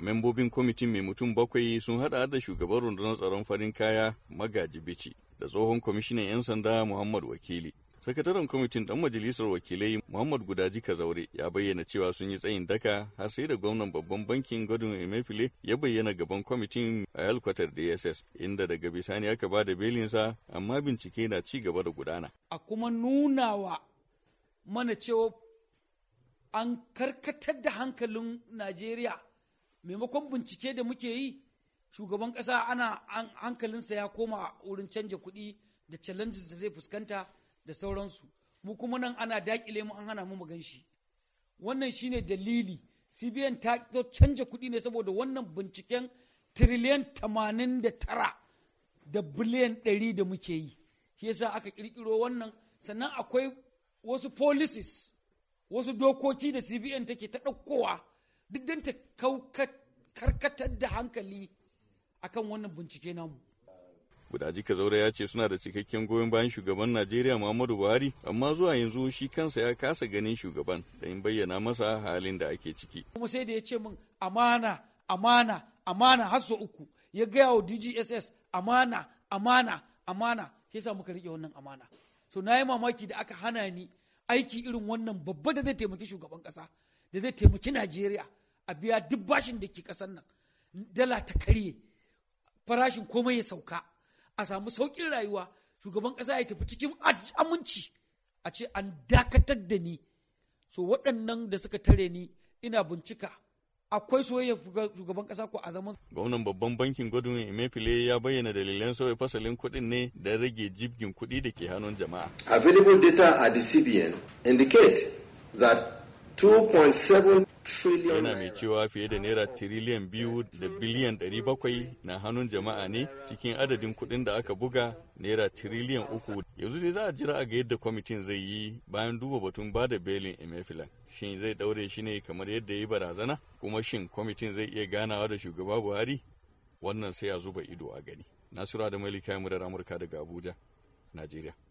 Membobin kwamitin mai mutum bakwai sun haɗa da shugaban rundunar tsaron farin kaya Magaji Bici da tsohon kwamishinan 'yan sanda Muhammad Wakili. Sakataren kwamitin ɗan majalisar wakilai Muhammad Gudaji Kazaure ya bayyana cewa sun yi tsayin daka har sai da gwamnan babban bankin gwadon emefile ya bayyana gaban kwamitin a yalkwatar DSS inda daga bisani aka ba da belinsa amma bincike na ci gaba da gudana. A kuma nunawa mana cewa an karkatar da hankalin Najeriya maimakon bincike da muke yi shugaban ƙasa ana hankalinsa ya koma wurin canja kuɗi da challenges da zai fuskanta da sauransu mu kuma nan ana dakile mu an hana mu gan shi wannan shine dalili cbn ta canja kuɗi ne saboda wannan binciken triliyan tamanin da tara da biliyan ɗari da muke yi shi yasa aka ƙirƙiro wannan sannan akwai wasu policies wasu dokoki da cbn take ta ɗaukowa duk don ta karkatar da hankali akan wannan bincike namu. Budaji Kazaure ya ce suna da cikakken goyon bayan shugaban Najeriya Muhammadu Buhari, amma zuwa yanzu shi kansa ya kasa ganin shugaban da in bayyana masa halin da ake ciki. Kuma sai da ya ce min amana, amana, amana har sau uku. Ya gaya wa DGSS amana, amana, amana. ya sa muka riƙe wannan amana. So na yi mamaki da aka hana ni aiki irin wannan babba da zai taimaki shugaban ƙasa. da zai taimaki Najeriya a biya duk bashin da ke kasar nan dala ta karye farashin komai ya sauka a samu saukin rayuwa shugaban ƙasa ya tafi cikin aminci a ce an dakatar da ni so waɗannan da suka tare ni ina bincika akwai soyayya shugaban kasa ko a zaman gwamnan babban bankin gudun emefile ya bayyana dalilan sauya fasalin kuɗin ne da rage jibgin kuɗi da ke hannun jama'a available data at the cbn indicate that 2.7 yana mai cewa fiye da naira tiriliyan biyu da biliyan ɗari bakwai na hannun jama'a ne cikin adadin kuɗin da aka buga naira tiriliyan uku yanzu dai za a jira a ga yadda kwamitin zai yi bayan duba batun ba da belin emefilan shin zai daure shi ne kamar yadda ya yi barazana kuma shin kwamitin zai iya ganawa da shugaba buhari wannan sai a zuba ido a gani nasura da malika murar amurka daga abuja najeriya